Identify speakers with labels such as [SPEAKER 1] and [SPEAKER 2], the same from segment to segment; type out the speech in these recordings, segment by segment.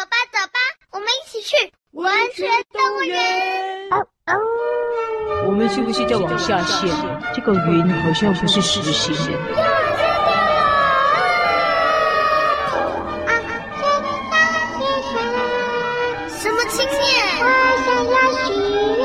[SPEAKER 1] 走吧，走吧，我們一起去文學動
[SPEAKER 2] 物園。哦哦、我們是不是在往下陷？這個雲好像不是實心
[SPEAKER 1] 的。什麼情節？哦、啊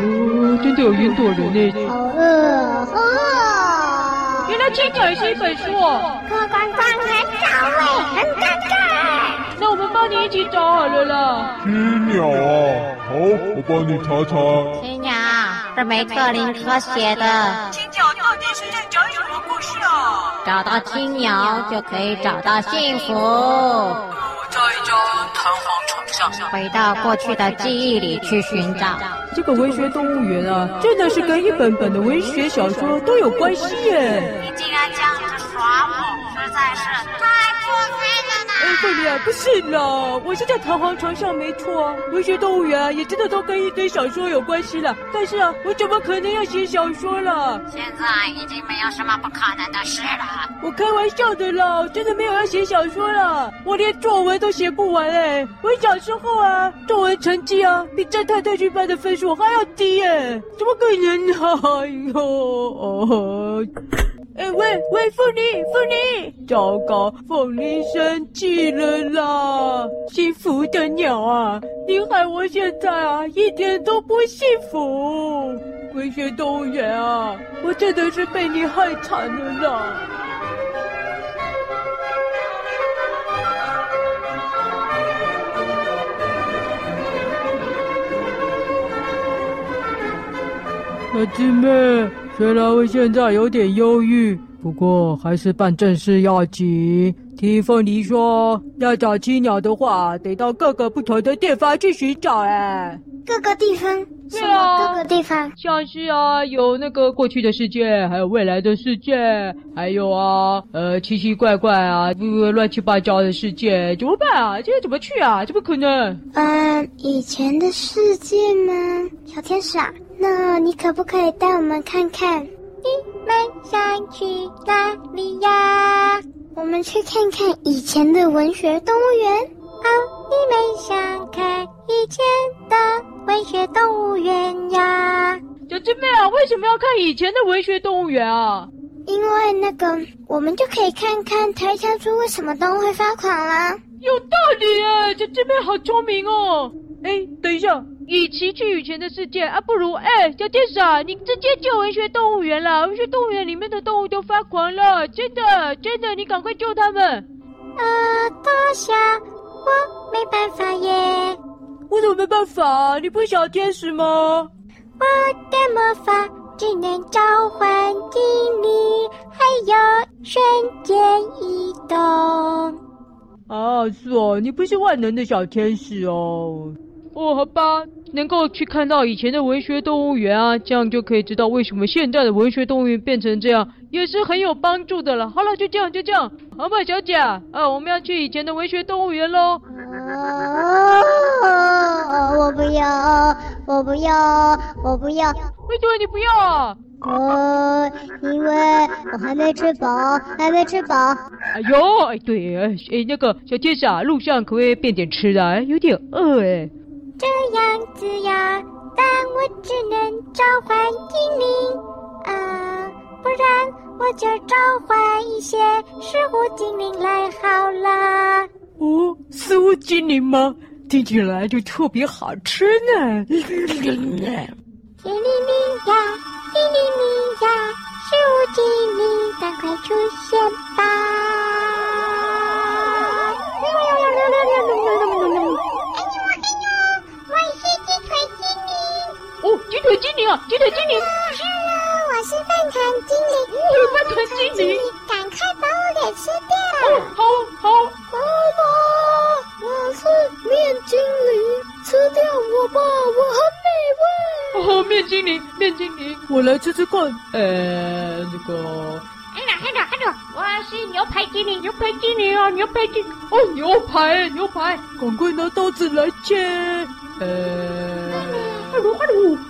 [SPEAKER 1] 嗯，
[SPEAKER 2] 真的有雲朵人呢！哦哦、原來這個也是一本書哦。客官，官員，這位很尷尬。那我們幫你一起找好了啦。青鳥啊，好，我幫你查查。
[SPEAKER 3] 青鳥是梅特林克寫的。青鳥到底
[SPEAKER 1] 是在講什麼
[SPEAKER 3] 故事啊？找到青鳥就可以找到幸福。我在一張彈簧床上，回到過去的記憶裡去
[SPEAKER 2] 尋找。這個文學動物園啊，真的是跟一本本的文學小說都有關係耶。你竟然
[SPEAKER 3] 這樣子耍我，實在是。
[SPEAKER 2] 不了，不是啦，我是在彈簧床上沒錯、啊。文學動物園、啊、也真的都跟一堆小說有關係了，但是啊，我怎麼可能要寫小說了？現在
[SPEAKER 3] 已經沒有什麼不可能的事了。我
[SPEAKER 2] 開玩笑的啦，真的沒有要寫小說啦。我連作文都寫不完哎，我小時候啊，作文成績啊，比偵探特訓班的分數還要低哎，怎麼可能呢？哦哦。喂喂，鳳梨，鳳梨！糟糕，鳳梨生氣了啦！幸福的鳥啊，你害我現在啊，一點都不幸福！文學動物園啊，我真的是被你害慘了啦！孩子們。雖然我現在有點憂鬱，不過還是辦正事要緊。聽鳳梨說，要找青鳥的話，得到各個不同的地方去尋找啊。誒，各個地方？是啊，各個地方，像是啊，有那個過去的世界，還有未來的世界，還有啊，呃，奇奇怪怪啊，呃，亂七八糟的世
[SPEAKER 1] 界，怎麼辦啊？今天怎麼去啊？怎麼可能？嗯，以前的世界呢？小天使啊。那你可不可以帶我們看看？你們想去哪裡呀？我們去看看以前的文學動物園。啊，你們想看以前的文學動物園呀？小獅妹啊？為什麼要看以前的文學動物園啊？因為那個，我們就可以看看台下豬為什麼都會發狂啊。有道理啊、欸！小獅妹好聰明哦、喔。哎、欸，等一下。與其
[SPEAKER 2] 去以前的世界啊，不如哎、欸，小天使，啊，你直接救文學動物園啦。文學動物園裡面的動物都發狂了，真的真的，你趕快救他們。啊、呃，多想，我沒辦法耶。我怎麼沒辦法？啊？你不是小
[SPEAKER 1] 天使嗎？我的魔法只能召喚精靈，還有瞬間移動。
[SPEAKER 2] 啊，是哦，你不是萬能的小天使哦。哦，好吧，能夠去看到以前的文學動物園啊，這樣就可以知道為什麼現在的文學動物園變成這樣，也是很有幫助的了。好了，就這樣，就這樣。蛤蟆小姐，啊，我們要去以前的文學動物園嘍。
[SPEAKER 1] 哦，我不要，我不要，我不要。為什麼你不要啊？呃，哦，因為我還沒吃飽，還沒吃飽。哎呦，哎對，哎哎那個
[SPEAKER 2] 小天使啊，路上可不可以變點吃的？有點餓哎。
[SPEAKER 1] 這樣子呀，但我只能召喚精靈啊、呃，不然我就召喚一些食物精靈來好了。
[SPEAKER 2] 哦，食物精靈嗎？聽起來就特別好吃呢。
[SPEAKER 1] 天靈靈呀，地靈靈呀，食物精靈，趕快出現吧。雞腿精靈，我是飯糰精靈，嗯、我是飯糰精靈，趕快把我給吃掉。哦，好，好。媽媽，我是麵精靈，吃掉我吧，我很美味。哦，麵
[SPEAKER 2] 精靈，麵精靈，我來吃吃看。呃、哎，那、這個。看着，看着，看着，我是牛排精靈，牛排精靈啊，牛排精，哦，牛排，牛排，趕快拿刀子來切。呃。快點，快點，快點。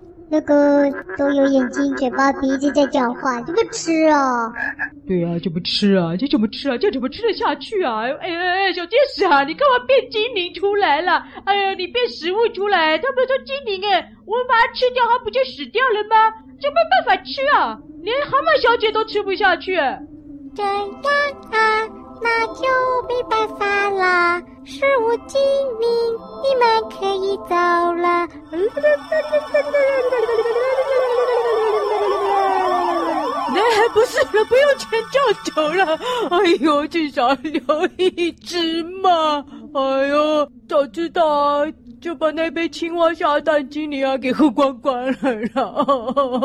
[SPEAKER 1] 那個都有眼睛、嘴巴、鼻子在講話，就不吃啊！對
[SPEAKER 2] 啊，就不吃啊！這怎麼吃啊？這怎麼吃得下去啊？哎呀哎哎，小天使啊，你幹嘛變精靈出來了？哎呀，你變食物出來，他們說精靈誒、欸，我把它吃掉，它不就死掉了嗎？這沒辦法吃啊，連蛤蟆小姐都吃不下去。
[SPEAKER 1] 這樣啊，那就沒辦法了。是我精明，你們可以走了。還、
[SPEAKER 2] 哎、不是了，不用全叫走了。哎呦，至少留一隻嘛。哎呦，早知道啊。就把那杯青蛙下蛋精靈啊，給喝光光來
[SPEAKER 1] 了、 啊。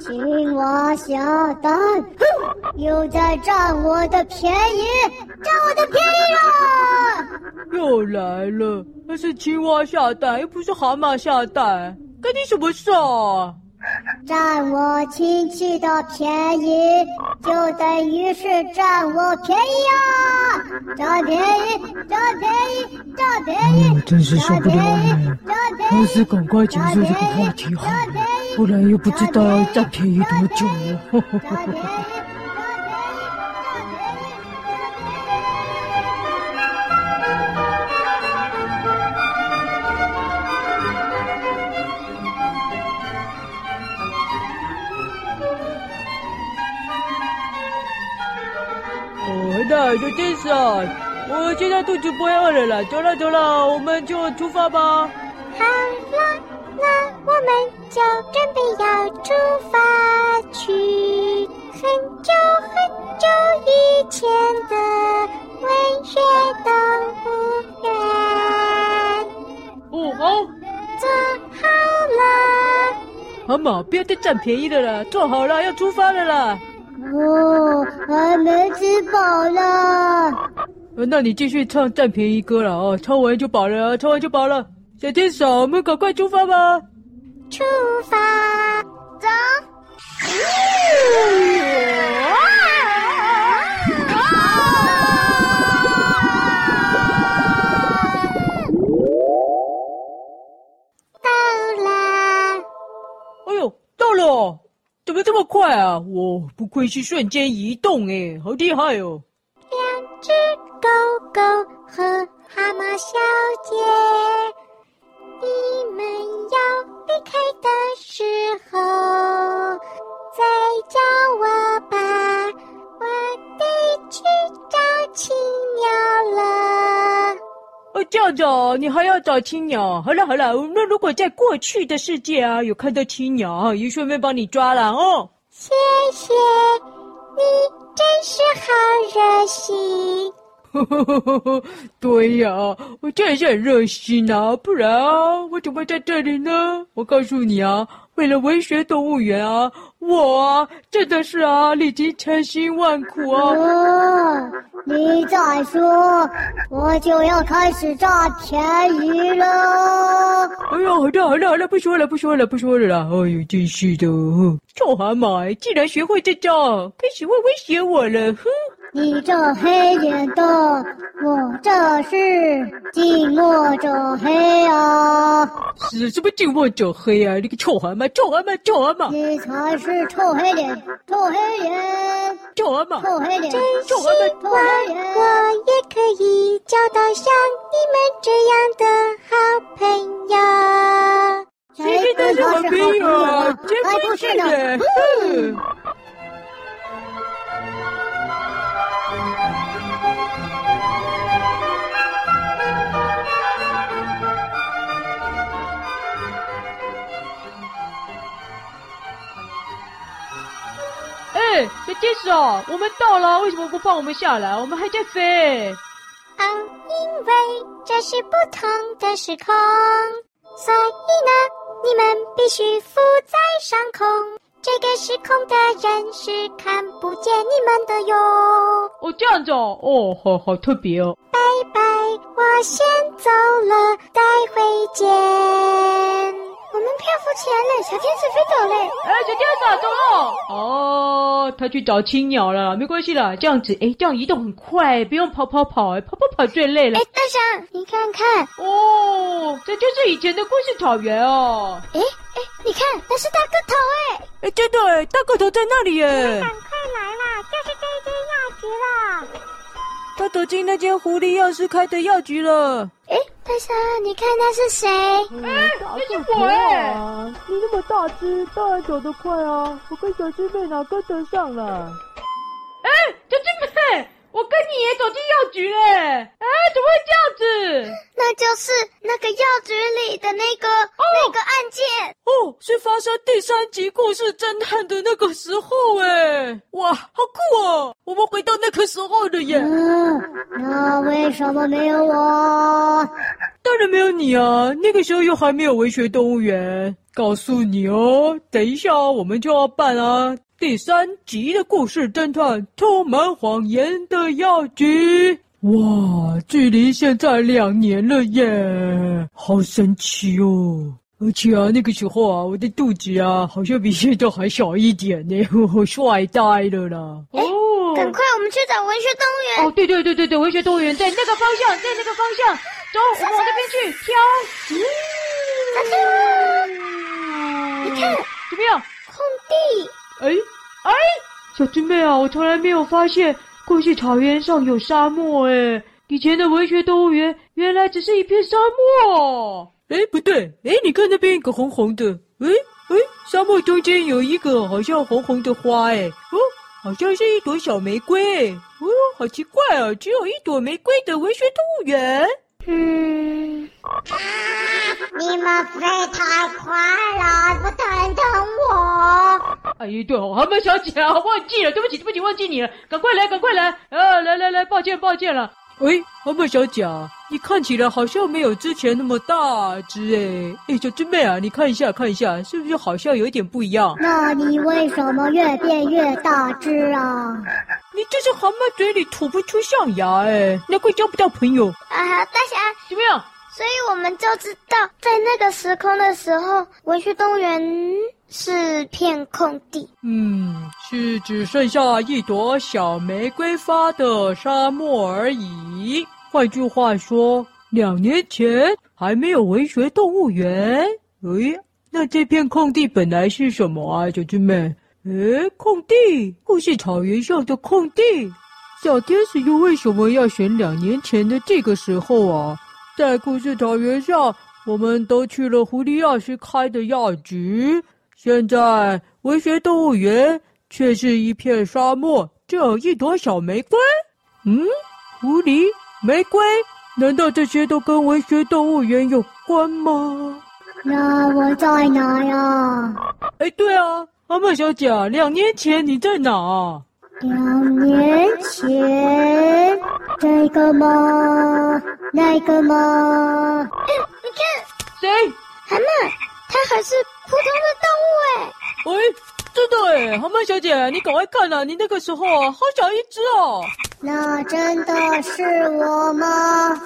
[SPEAKER 1] 青蛙下蛋， 又在占我的便宜，占我的便宜啊！
[SPEAKER 2] 又來了，那是青蛙下蛋，又不是蛤蟆下蛋，干你什麼事啊？
[SPEAKER 1] 佔我親戚的便宜，就等於是佔我便宜啊！佔便宜，佔便宜，佔便宜，哎我真是受不了了！還
[SPEAKER 2] 是趕快結束這個話題好，不然又不知道佔便宜多久了。那就這啊，我現在肚子不會餓了啦。走了走了，我們就出發吧。好
[SPEAKER 1] 了，那我們就準備要出發去很久很久以前的文學動物園、哦。哦哦，坐好了。
[SPEAKER 2] 好嘛，不要再占便宜的了,了，坐好了要出發了啦。
[SPEAKER 1] 哦，還沒吃飽了、
[SPEAKER 2] 呃。那你繼續唱占便宜歌了啊、哦！唱完就飽了，唱完就飽了。小天使我們趕快
[SPEAKER 1] 出發吧！出發，走。嗯嗯嗯嗯
[SPEAKER 2] 這麼快啊！我不愧是瞬間移動誒，好厲害哦！
[SPEAKER 1] 兩隻狗狗和蛤蟆小姐，你們要離開的時候，再叫我吧，我得去。
[SPEAKER 2] 這樣子哦，你還要找青鳥？好了好了，那如果在過去的世界啊，有看到青鳥，也順便幫你抓了哦。謝謝你，真是好熱心。 對呀、啊，我真的很熱心啊。不然、啊、我怎麼會在這裡呢？我告訴你啊。為了文學動物園啊，我啊，真的
[SPEAKER 1] 是啊，歷經千辛萬苦啊。哦！你再說，我就要開始炸田魚了。哎呦，好
[SPEAKER 2] 了好了好了，不說了不說了不說了啦！哎呦，真是的，
[SPEAKER 1] 臭蛤蟆，竟然學
[SPEAKER 2] 會這招，開始會威脅我了，哼！
[SPEAKER 1] 你這黑臉的，我這是近墨者黑啊！是
[SPEAKER 2] 什麼近墨者黑啊？你個臭蛤蟆，臭蛤蟆，臭蛤蟆！你才是臭黑臉，
[SPEAKER 1] 臭黑臉，臭蛤蟆，臭黑臉，臭蛤蟆，臭黑臉，我也可以交到像你們這樣的好朋友。
[SPEAKER 3] 誰、哎、是好朋友？我、哎、不是的，嗯
[SPEAKER 2] 接着哦，我們到了，為什麼不放我們下來？我們還在飛。
[SPEAKER 1] 哦，oh, 因為這是不同的時空，所以呢，你們必須浮在上空。這個時空的人是看不見你們的喲。哦，oh, 這樣子哦
[SPEAKER 2] ，oh, 好好特別哦。
[SPEAKER 1] 拜拜，我先走了，待會見。我們漂浮起來了，小天使飛走了。哎、欸，小天使，打中了？哦，
[SPEAKER 2] 他去找青鳥了，沒關係啦，這樣子，哎、欸，這樣移動很快，不用跑跑跑，跑跑跑最累了。哎、欸，大俠，你看看，哦，這就是以前的故事草原哦、啊。
[SPEAKER 1] 哎哎、欸欸，你看，那是大個頭，哎、欸，
[SPEAKER 2] 哎，對，大個頭在那裡耶。我趕快來了，就是這間藥局
[SPEAKER 1] 了。
[SPEAKER 2] 他走進那間狐狸藥師開的藥局了。
[SPEAKER 1] 大俠、哎，你看那是誰？那是我、欸、啊？你那麼大隻，當然走得快啊！我跟小獅妹哪跟得上了？哎、欸，小獅妹，我跟你也走進藥局嘞、欸！哎、欸，怎麼會這樣子？那就是那個藥局裡的那個、哦、
[SPEAKER 2] 那個案件哦，是發生第三集故事偵探的那個時候哎、欸！哇，好酷哦！我們回到那個時候了耶！嗯、那為什麼沒有我？真的沒有你啊！那個時候又還沒有文學動物園。告訴你哦，等一下啊，我們就要辦啊第三集的故事偵探，充滿謊言的藥局。哇，距離現在兩年了耶，好神奇哦！而且啊，那個時候啊，我的肚子啊，好像比現在還小一點呢，呵呵，帥呆了啦！誒哦，趕
[SPEAKER 1] 快我們去找文學動物園。哦，對
[SPEAKER 2] 對對對對，文學動
[SPEAKER 1] 物園在那個方向，在那個方向。
[SPEAKER 2] 走，我們往這邊去挑。小心車、嗯！你看怎麼樣？空地。哎哎，小獅妹啊，我從來沒有發現過去草原上有沙漠哎、欸。以前的文學動物園原來只是一片沙漠。哎，不對，哎，你看那邊一個紅紅的，哎哎，沙漠中間有一個好像紅紅的花哎、欸，哦，好像是一朵小玫瑰。哦，好奇怪啊，只有一朵玫瑰的文學動物園。嗯啊！你們飛太快了，不等等我？哎呦對、哦，對蛤蟆小姐，啊，忘記了，對不起，對不起，忘記你了，趕快來，趕快來！啊，來來來，抱歉，抱歉了。喂，蛤蟆小姐，你看起來好像沒有之前那麼大隻誒、欸。誒、哎，小獅妹啊，你看一下，看一下，是不是好像有點不一樣？那
[SPEAKER 1] 你為什麼越變越大隻啊？
[SPEAKER 2] 你這隻蛤蟆嘴裡吐不出象牙哎，難怪交不到朋友
[SPEAKER 1] 啊！大俠怎麼樣？所以我們就知道，在那個時空的時候，文學動物園是片空地。嗯，是
[SPEAKER 2] 只剩下一朵小玫瑰花的沙漠而已。換句話說，兩年前還沒有文學動物園。哎，那這片空地本來是什麼啊，小獅妹？哎，空地，故事草原上的空地，小天使又為什麼要選兩年前的這個時候啊？在故事草原上，我們都去了狐狸藥師開的藥局。現在文學動物園卻是一片沙漠，只有一朵小玫瑰。嗯，狐狸，玫瑰，難道這些都跟文學動物園有關嗎？
[SPEAKER 1] 那我在哪呀，啊？
[SPEAKER 2] 哎，對啊。蛤蟆小姐，兩年前你在
[SPEAKER 1] 哪？兩年前，這個嗎？那個嗎？哎，你看，誰？蛤蟆，
[SPEAKER 2] 它還是普通的動物哎。喂，真的哎，蛤蟆小姐，你趕快看吶、啊，你那個時候好小一只哦、啊。
[SPEAKER 1] 那真的是我嗎？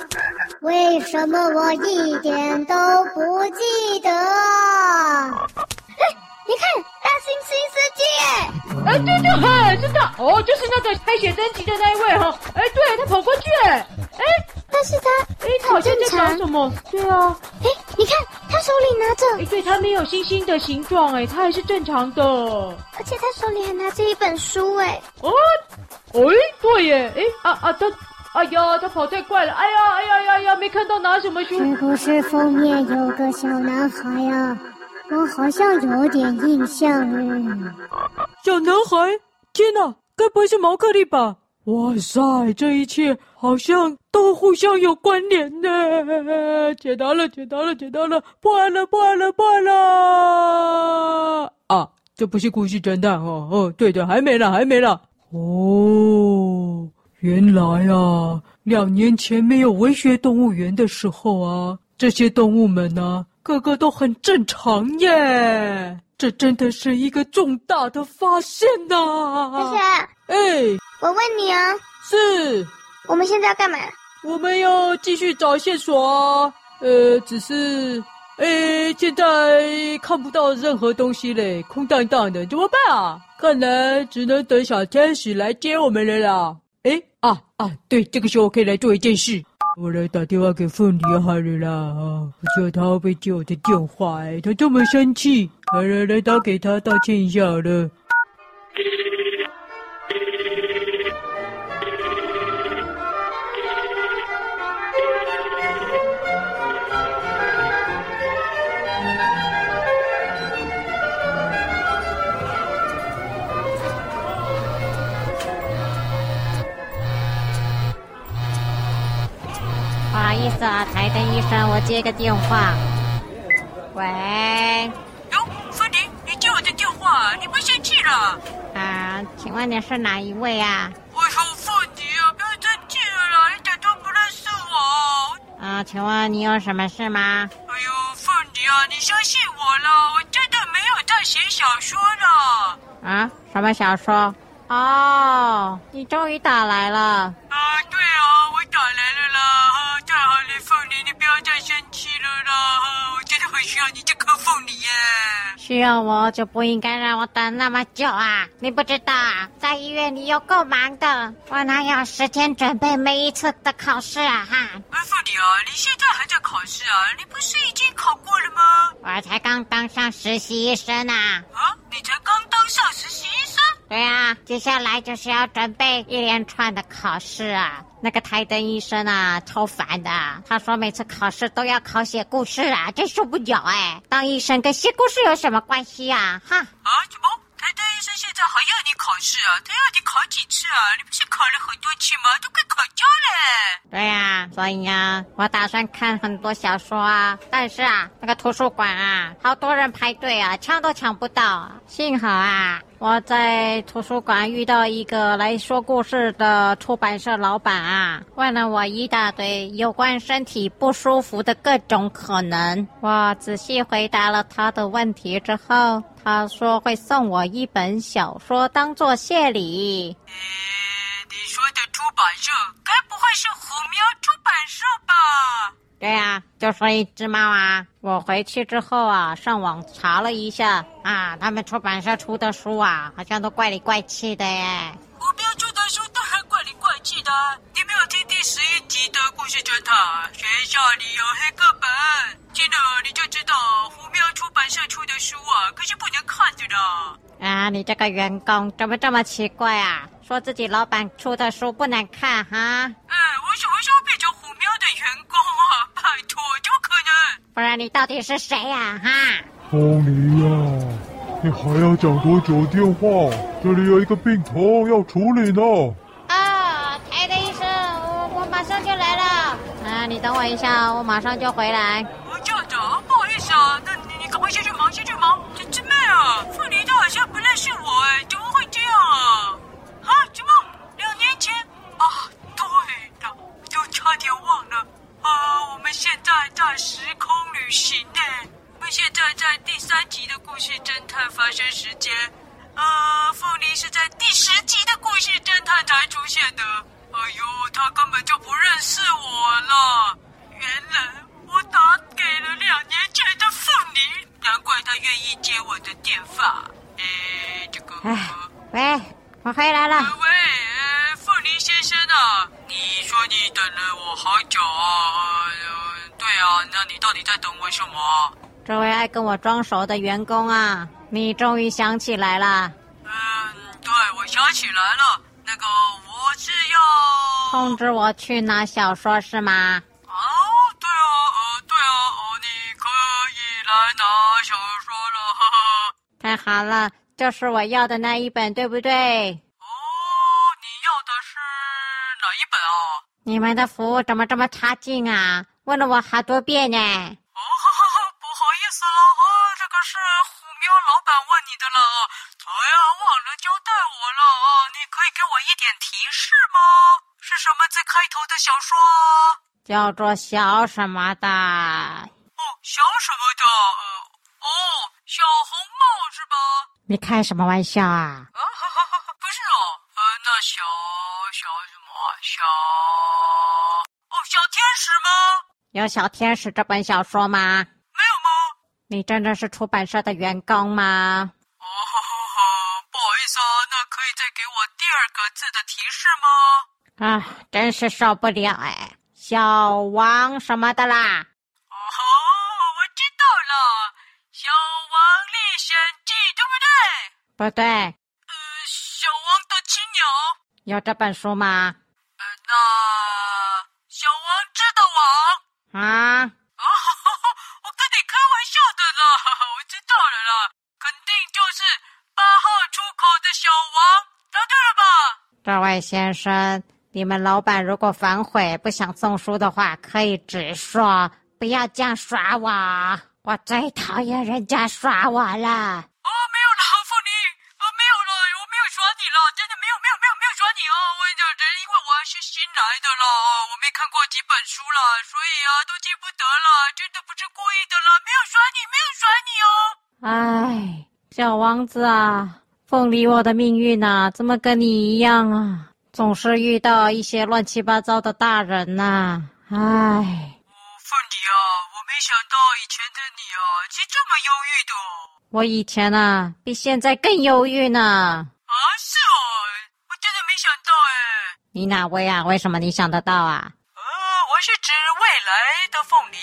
[SPEAKER 1] 為什麼我一點都不記得？哎，你看。哎、欸，對對，
[SPEAKER 2] 對，很，是的，哦，就是那個開寫真集的那一位哈，哎、哦欸，對，他跑過去哎，欸、但是他哎，他欸、他好像在拿什麼，對啊，哎、欸，你看他手裡拿着，哎、欸，對，他沒有星星的形狀，哎、欸，他還是正常的，
[SPEAKER 1] 而且他手裡還拿着一本
[SPEAKER 2] 書，哎、欸，哦，哎，對耶，哎、欸，啊啊，他，哎呀，他跑太快了，哎呀，哎呀呀、哎、呀，沒看到拿什麼書。是不是封面
[SPEAKER 1] 有個小男孩呀？我好像有點印象了。小男孩，
[SPEAKER 2] 天哪，該不會是毛克利吧？哇塞，這一切好像都互相有關聯呢！解答了，解答了，解答了，破案了，破案了，破案了！啊，這不是故事偵探哦，哦，對的，還沒了，還沒了哦。原來啊，兩年前沒有文學動物園的時候啊，這些動物們呢，個個都很正常耶，這真的是一個重大的發現吶、啊！謝謝學。哎、欸，我問你啊，是，我們現在要幹嘛？我們要繼續找線索啊。呃，只是，誒、欸，現在看不到任何東西嘞，空蕩蕩的，怎麼辦啊？看來只能等小天使來接我們了啦。哎、欸，啊啊，對，這個時候可以來做一件事。我來打電話給鳳梨好了啦，不知道他會不接我的電話？哎，他這麼生氣，啊，來來來，打給他道歉一下好了。
[SPEAKER 3] 檯燈醫生，我接個電話。喂，喲、
[SPEAKER 2] 呃，鳳蝶，你接我的電話，你不生氣了？
[SPEAKER 3] 啊、呃，請問你是哪一位呀、啊？我說鳳蝶啊，不要
[SPEAKER 2] 生氣了，一點都不認識我。
[SPEAKER 3] 啊、呃，請問你有什麼事嗎？哎呦，鳳蝶啊，你相
[SPEAKER 2] 信我了，我真的沒有
[SPEAKER 3] 在寫小說了。啊、呃，什麼小說？哦，你終於打來了。啊、呃，對啊，我打來了啦。
[SPEAKER 2] 太生氣了啦！我真的
[SPEAKER 3] 很需要你這、啊，顆鳳梨耶。需要我就不應該讓我等那麼久啊！你不知道、啊，在醫院裡有夠忙的，我哪有時間準備每一次的考試啊？哈！
[SPEAKER 2] 鳳梨啊，你現在還在考試啊？你不是已經考過了
[SPEAKER 3] 嗎？我才剛當上實習醫生啊！啊，
[SPEAKER 2] 你才剛當上實習。
[SPEAKER 3] 對啊，接下來就是要準備一連串的考試啊！那個檯燈醫生啊，超煩的。他說每次考試都要考寫故事啊，真受不了哎！當醫生跟寫故事有什麼關係啊？哈！
[SPEAKER 2] 啊，什麼檯燈醫生？現在還要你考試啊？他要你考幾次啊？你不是考了很多次嗎？都快考焦了。
[SPEAKER 3] 對呀、啊，所以呀、啊、我打算看很多小說啊。但是啊，那個圖書館啊，好多人排隊啊，搶都搶不到。幸好啊，我在圖書館遇到一個來說故事的出版社老板啊，問了我一大堆有關身體不舒服的各種可能。我仔細回答了他的問題之後。他說會送我一本小說當做謝禮。哎，
[SPEAKER 2] 你說的出版社，該不會是虎喵出版社吧？
[SPEAKER 3] 對呀、啊，就說、是、一只貓啊。我回去之後啊，上網查了一下啊，他們出版社出的書啊，好像都怪裡怪氣的耶。我不要做記得你沒有聽第十一集的
[SPEAKER 2] 故事偵探，學校裡有黑課本，聽了你就知道虎喵出版社出的書啊，可是不能看的呢。
[SPEAKER 3] 啊，你這個員工怎麼這麼奇怪啊？說自己老板出的書不能看哈？嗯，我什麼時候變成虎喵的員工啊？拜託，怎麼可能？不然你到底是誰呀、啊？哈！
[SPEAKER 2] 狐狸呀，你還要講多久電話？這裡有一個病童要處理呢。
[SPEAKER 3] 等我一下，我馬上就回來。這樣子哦，不好意思啊。那你
[SPEAKER 2] 你趕快先去忙，先去忙。小獅妹啊，鳳梨都好像不認識我誒，怎麼會這樣啊？啊，什麼？兩年前？啊，對的、啊，都差點忘了。啊，我們現在在時空旅行呢。我們現在在第三集的故事偵探發生時間。呃，鳳梨是在第十集的故事偵探才出現的。哎呦，他根本就不認識我了！原來我打給了兩年前的鳳梨，難怪他願意接我的電話。哎，
[SPEAKER 3] 這個……喂，我回來了。呃、喂、哎，
[SPEAKER 2] 鳳梨先生啊，你說你等了我好久啊？呃、對啊，那你到底在等我什麼？
[SPEAKER 3] 這位愛跟我裝熟的員工啊，你終於想起來了？嗯，對，我想起來了。這個我是要通知我去拿小說是嗎？哦、啊，對啊，呃、對啊、哦，你可以來拿小說了，哈哈！太好了，就是我要的那一本，對不對？哦，你
[SPEAKER 2] 要的是哪一本哦、啊，
[SPEAKER 3] 你們的服務怎麼這麼差勁啊？問了我好多遍呢。叫做小什麼的？哦，小什麼的？哦，小紅帽是吧？你開什麼玩笑啊？啊哈哈不是哦，呃，那小小什麼小，
[SPEAKER 2] 小？哦，小天使
[SPEAKER 3] 嗎？有《小天使》這本小說嗎？沒有嗎？你真的是出版社的員工嗎？哦呵呵呵，不好意思啊。那可以再給我第二個字的提示嗎？啊，真是受不了哎！小王什麼的啦？哦吼，
[SPEAKER 2] 我知道了，《小王歷險記》對不
[SPEAKER 3] 對？不對。呃，
[SPEAKER 2] 小王的
[SPEAKER 3] 親友。有這本書嗎？呃，那
[SPEAKER 2] 小王織的網啊？哦吼
[SPEAKER 3] 吼吼，我
[SPEAKER 2] 跟你開玩笑的啦！哈哈，
[SPEAKER 3] 我知道了啦，肯定就是
[SPEAKER 2] 八號出口的小王，找到了吧？
[SPEAKER 3] 這位先生。你們老闆如果反悔不想送書的話，可以直說，不要這樣耍我！我最討厭人家耍我啦。哦，沒有了，鳳梨，我、哦、沒有了，我沒有耍你了，真的沒有，沒有，沒
[SPEAKER 2] 有，沒有耍你哦！我跟你講，只是因為我還是新來的了，哦，我沒看過幾
[SPEAKER 3] 本書了，所以啊，都記不得了，真的
[SPEAKER 1] 不是故意的了，沒有耍你，沒有耍你哦。
[SPEAKER 3] 唉，小王子啊，鳳梨，我的命運啊，怎麼跟你一樣啊？總是遇到一些亂七八糟的大人吶、啊，唉。我、哦、鳳梨啊，我沒想到以前的你啊，是這麼憂鬱的。我以前啊，比現在更憂鬱呢。啊，是啊、哦，我真的沒想到誒。你哪位啊？為什麼你想得到啊？呃、
[SPEAKER 2] 啊，我是指未來的鳳梨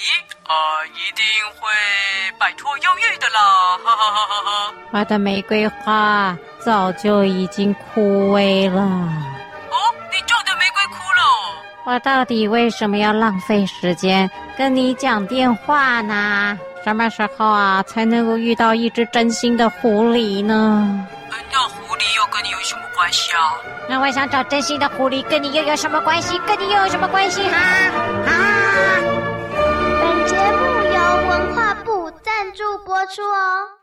[SPEAKER 2] 啊，一定會擺脫憂鬱的啦！哈
[SPEAKER 3] 哈哈哈！我的玫瑰花早就已經枯萎了。哦，你種的玫瑰枯了。我到底為什麼要浪費時間跟你講電話呢？什麼時候啊才能夠遇到一隻真心的狐狸呢？那狐狸又跟你有什麼關係啊？那我想找真心的狐狸，跟你又有什麼關係？跟你又有什麼關係哈、啊？啊，
[SPEAKER 1] 本節目由文化部贊助播出哦。